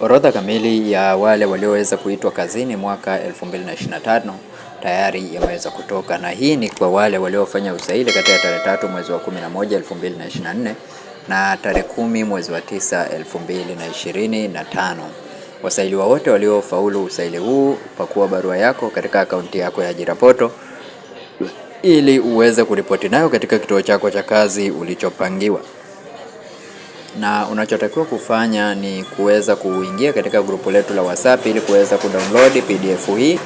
Orodha kamili ya wale walioweza kuitwa kazini mwaka 2025 tayari yameweza kutoka, na hii ni kwa wale waliofanya usaili kati ya tarehe tatu mwezi wa 11 2024 na tarehe kumi mwezi wa 9 2025. Wasailiwa wote waliofaulu usaili huu, pakua barua yako katika akaunti yako ya Ajira poto ili uweze kuripoti nayo katika kituo chako cha kazi ulichopangiwa na unachotakiwa kufanya ni kuweza kuingia katika grupu letu la WhatsApp ili kuweza kudownload PDF hii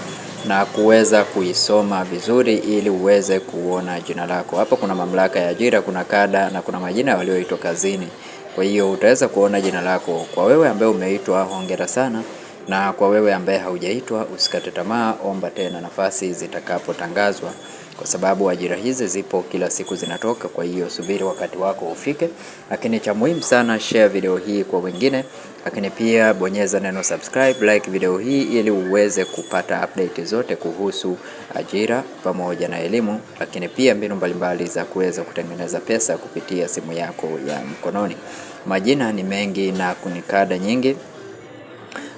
na kuweza kuisoma vizuri ili uweze kuona jina lako. Hapa kuna mamlaka ya ajira, kuna kada na kuna majina walioitwa kazini. Kwa hiyo utaweza kuona jina lako. Kwa wewe ambaye umeitwa, hongera sana. Na kwa wewe ambaye haujaitwa, usikate tamaa, omba tena nafasi zitakapotangazwa, kwa sababu ajira hizi zipo kila siku zinatoka. Kwa hiyo subiri wakati wako ufike, lakini cha muhimu sana, share video hii kwa wengine, lakini pia bonyeza neno subscribe, like video hii ili uweze kupata update zote kuhusu ajira pamoja na elimu, lakini pia mbinu mbalimbali za kuweza kutengeneza pesa kupitia simu yako ya mkononi. Majina ni mengi na kunikada nyingi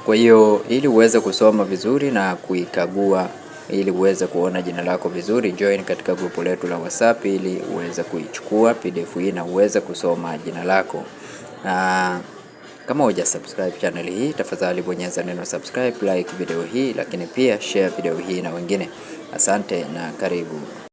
kwa hiyo ili uweze kusoma vizuri na kuikagua ili uweze kuona jina lako vizuri, join katika grupu letu la WhatsApp ili uweze kuichukua PDF hii na uweze kusoma jina lako. Na kama huja subscribe channel hii, tafadhali bonyeza neno subscribe, like video hii, lakini pia share video hii na wengine. Asante na karibu.